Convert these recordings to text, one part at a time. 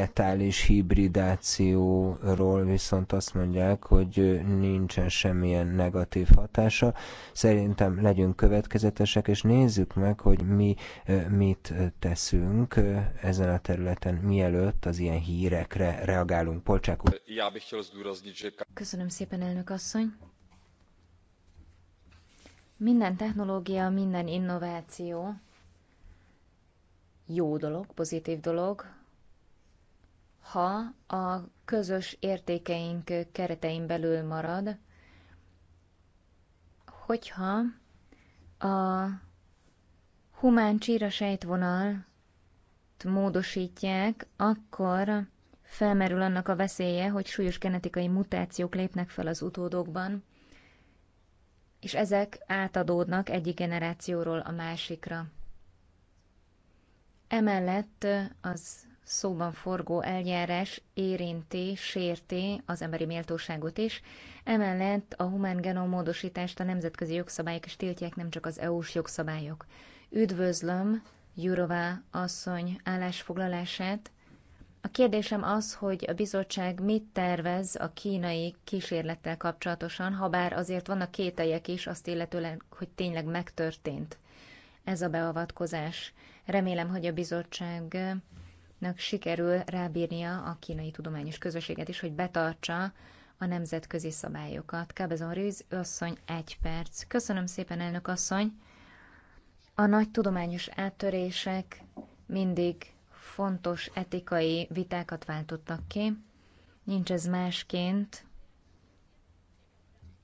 digitális hibridációról viszont azt mondják, hogy nincsen semmilyen negatív hatása. Szerintem legyünk következetesek, és nézzük meg, hogy mi mit teszünk ezen a területen, mielőtt az ilyen hírekre reagálunk. Polcsák úr. Köszönöm szépen, elnök asszony. Minden technológia, minden innováció jó dolog, pozitív dolog, ha a közös értékeink keretein belül marad, hogyha a humán csíra sejtvonal módosítják, akkor felmerül annak a veszélye, hogy súlyos genetikai mutációk lépnek fel az utódokban, és ezek átadódnak egyik generációról a másikra. Emellett az szóban forgó eljárás érinti, sérti az emberi méltóságot is, emellett a humán genom módosítást a nemzetközi jogszabályok is tiltják, nem csak az EU-s jogszabályok. Üdvözlöm Jurová asszony állásfoglalását. A kérdésem az, hogy a bizottság mit tervez a kínai kísérlettel kapcsolatosan, ha bár azért vannak kételjek is, azt illetőleg, hogy tényleg megtörtént ez a beavatkozás. Remélem, hogy a bizottság nak sikerül rábírnia a kínai tudományos közösséget is, hogy betartsa a nemzetközi szabályokat. Kábezon Rűz, asszony, egy perc. Köszönöm szépen, elnök asszony. A nagy tudományos áttörések mindig fontos etikai vitákat váltottak ki. Nincs ez másként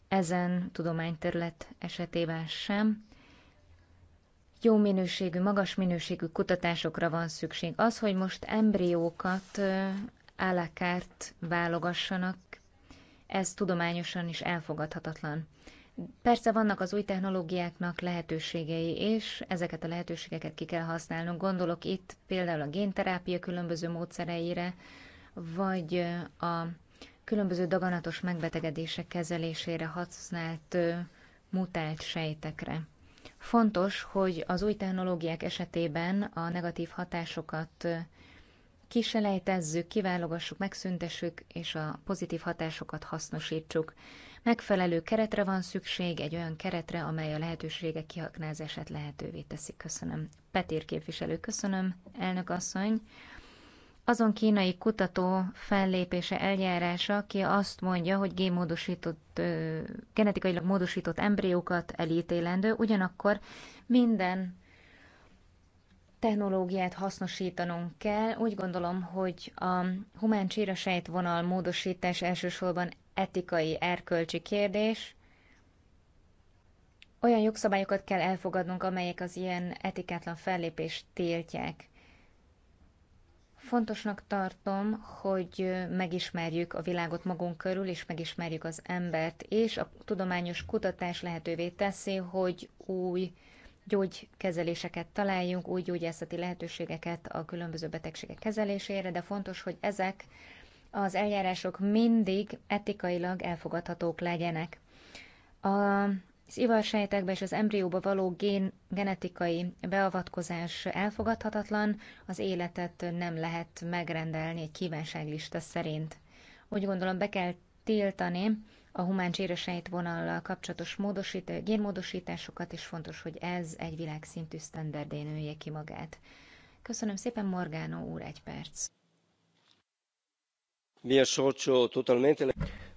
ezen tudományterület esetében sem jó minőségű, magas minőségű kutatásokra van szükség. Az, hogy most embriókat állakárt válogassanak, ez tudományosan is elfogadhatatlan. Persze vannak az új technológiáknak lehetőségei, és ezeket a lehetőségeket ki kell használnunk. Gondolok itt például a génterápia különböző módszereire, vagy a különböző daganatos megbetegedések kezelésére használt mutált sejtekre. Fontos, hogy az új technológiák esetében a negatív hatásokat kiselejtezzük, kiválogassuk, megszüntessük, és a pozitív hatásokat hasznosítsuk. Megfelelő keretre van szükség, egy olyan keretre, amely a lehetőségek kiaknázását lehetővé teszi. Köszönöm. Petér képviselő, köszönöm. Elnök asszony azon kínai kutató fellépése eljárása, aki azt mondja, hogy génmódosított, genetikailag módosított embriókat elítélendő, ugyanakkor minden technológiát hasznosítanunk kell. Úgy gondolom, hogy a humán vonal módosítás elsősorban etikai, erkölcsi kérdés. Olyan jogszabályokat kell elfogadnunk, amelyek az ilyen etikátlan fellépést tiltják. Fontosnak tartom, hogy megismerjük a világot magunk körül, és megismerjük az embert, és a tudományos kutatás lehetővé teszi, hogy új gyógykezeléseket találjunk, új gyógyászati lehetőségeket a különböző betegségek kezelésére, de fontos, hogy ezek az eljárások mindig etikailag elfogadhatók legyenek. A az ivarsejtekbe és az embrióba való gén, genetikai beavatkozás elfogadhatatlan, az életet nem lehet megrendelni egy kívánságlista szerint. Úgy gondolom, be kell tiltani a humán vonallal kapcsolatos módosít, génmódosításokat, és fontos, hogy ez egy világszintű sztenderdén nője ki magát. Köszönöm szépen, Morgánó úr, egy perc.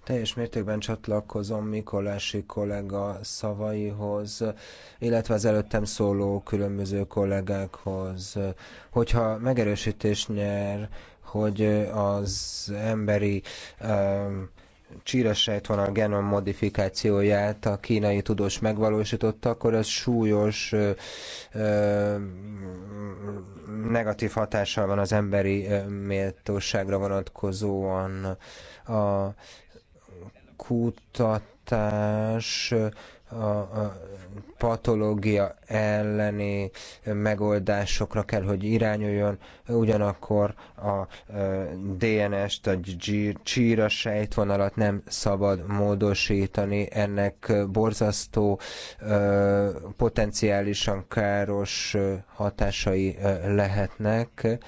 Teljes mértékben csatlakozom Mikolási kollega szavaihoz, illetve az előttem szóló különböző kollégákhoz. Hogyha megerősítés nyer, hogy az emberi um, a genom modifikációját a kínai tudós megvalósította, akkor az súlyos ö, ö, negatív hatással van az emberi méltóságra vonatkozóan. A kutatás a patológia elleni megoldásokra kell, hogy irányuljon, ugyanakkor a e, DNS-t, a csíra sejtvonalat nem szabad módosítani, ennek borzasztó, e, potenciálisan káros e, hatásai lehetnek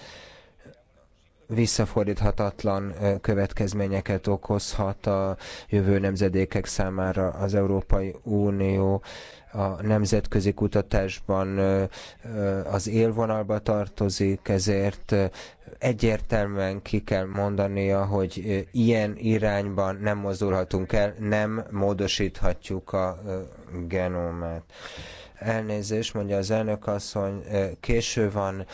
visszafordíthatatlan következményeket okozhat a jövő nemzedékek számára az Európai Unió a nemzetközi kutatásban az élvonalba tartozik, ezért egyértelműen ki kell mondania, hogy ilyen irányban nem mozdulhatunk el, nem módosíthatjuk a genomát. Elnézést, mondja az elnök asszony, késő van,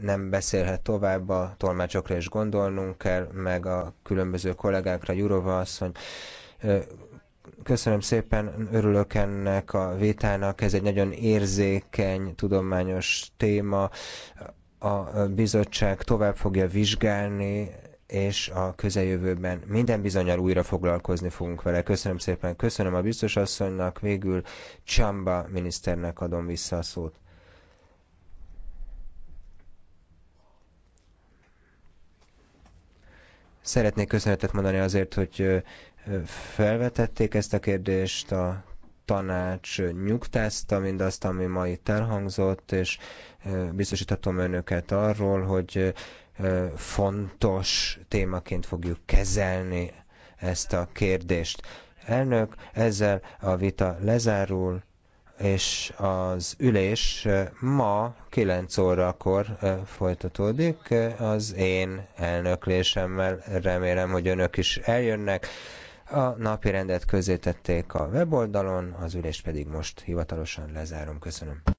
nem beszélhet tovább, a tolmácsokra is gondolnunk kell, meg a különböző kollégákra, Jurova asszony. Köszönöm szépen, örülök ennek a vétának, ez egy nagyon érzékeny, tudományos téma. A bizottság tovább fogja vizsgálni és a közeljövőben minden bizonyal újra foglalkozni fogunk vele. Köszönöm szépen, köszönöm a biztos asszonynak, végül Csamba miniszternek adom vissza a szót. Szeretnék köszönetet mondani azért, hogy felvetették ezt a kérdést, a tanács nyugtázta mindazt, ami ma itt elhangzott, és biztosíthatom önöket arról, hogy fontos témaként fogjuk kezelni ezt a kérdést. Elnök, ezzel a vita lezárul, és az ülés ma 9 órakor folytatódik az én elnöklésemmel. Remélem, hogy önök is eljönnek. A napi rendet közé tették a weboldalon, az ülést pedig most hivatalosan lezárom. Köszönöm.